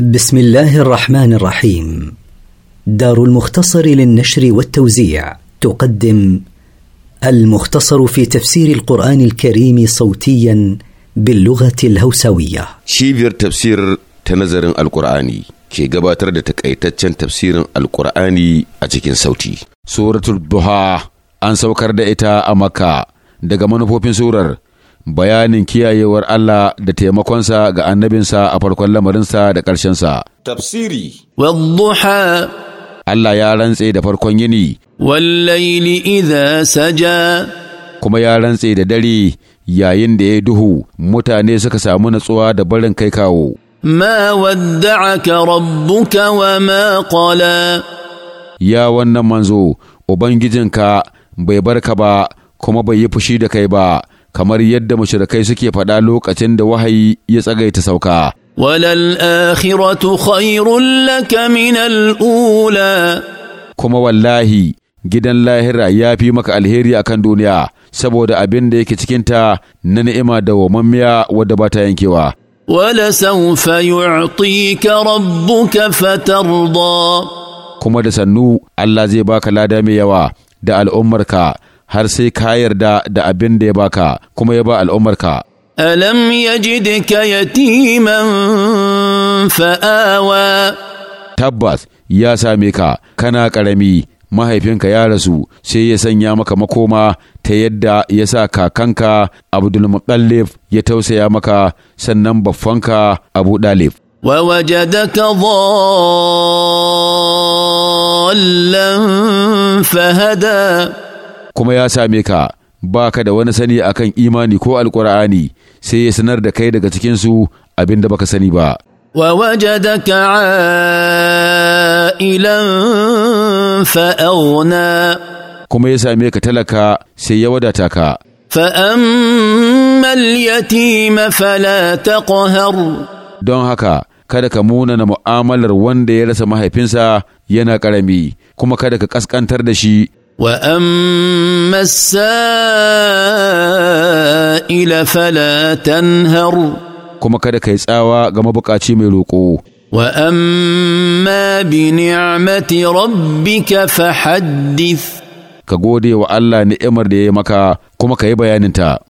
بسم الله الرحمن الرحيم دار المختصر للنشر والتوزيع تقدم المختصر في تفسير القرآن الكريم صوتيا باللغة الهوسوية شيفير تفسير تنظر القرآني كي قباتر da تفسير القرآني alkur'ani صوتي سورة الضحى أنسو كردئتا أمكا saukar da سورر bayanin kiyayewar Allah da taimakonsa ga annabinsa a farkon lamarinsa da ƙarshensa. Tafsiri Wadduha Allah ya rantse da farkon yini, Wallaili idha saja kuma ya rantse da dare yayin da ya duhu mutane suka samu natsuwa da barin kai kawo. Ma wadda'aka rabbuka wa ma qala Ya wannan manzo, Ubangijinka bai barka ba kuma bai yi fushi da kai ba. kamar yadda mashirikai suke faɗa lokacin da wahayi ya tsagaita sauka. وللآخرة خير laka من ula kuma wallahi gidan lahira ya fi maka alheri akan duniya saboda abin da yake cikinta na ni'ima da wamammiya wadda ba ta yankewa. Wala saufa yu'tika rabbuka fatarda kuma da sannu Allah zai baka lada mai yawa da al'ummarka har sai ka yarda da abin da ya baka kuma ya ba al'ummarka alam yajidka yatiman fa'awa tabbas ya same ka kana ƙarami mahaifinka ya rasu sai ya sanya maka makoma ta yadda ya sa kakanka abdulmutallif ya tausaya maka sannan baffanka abu dalif wajadaka dhallan fahada. kuma ya same ka ba ka da wani sani a kan imani ko alkur'ani sai ya sanar da kai daga cikinsu abin da baka sani ba. Wa ووجدك ilan fa’auna kuma ya same ka talaka sai ya wadata ka. فأما fala ta ƙohar. don haka kada ka munana mu'amalar wanda ya rasa mahaifinsa yana ƙarami kuma kada ka ƙasƙantar da shi واما السائل فلا تنهر kuma kada ka yi tsawa ga mabukaci mai roƙo واما بنعمه ربك فحدث ka gode wa Allah ni'imar da ya yi maka kuma ka yi bayaninta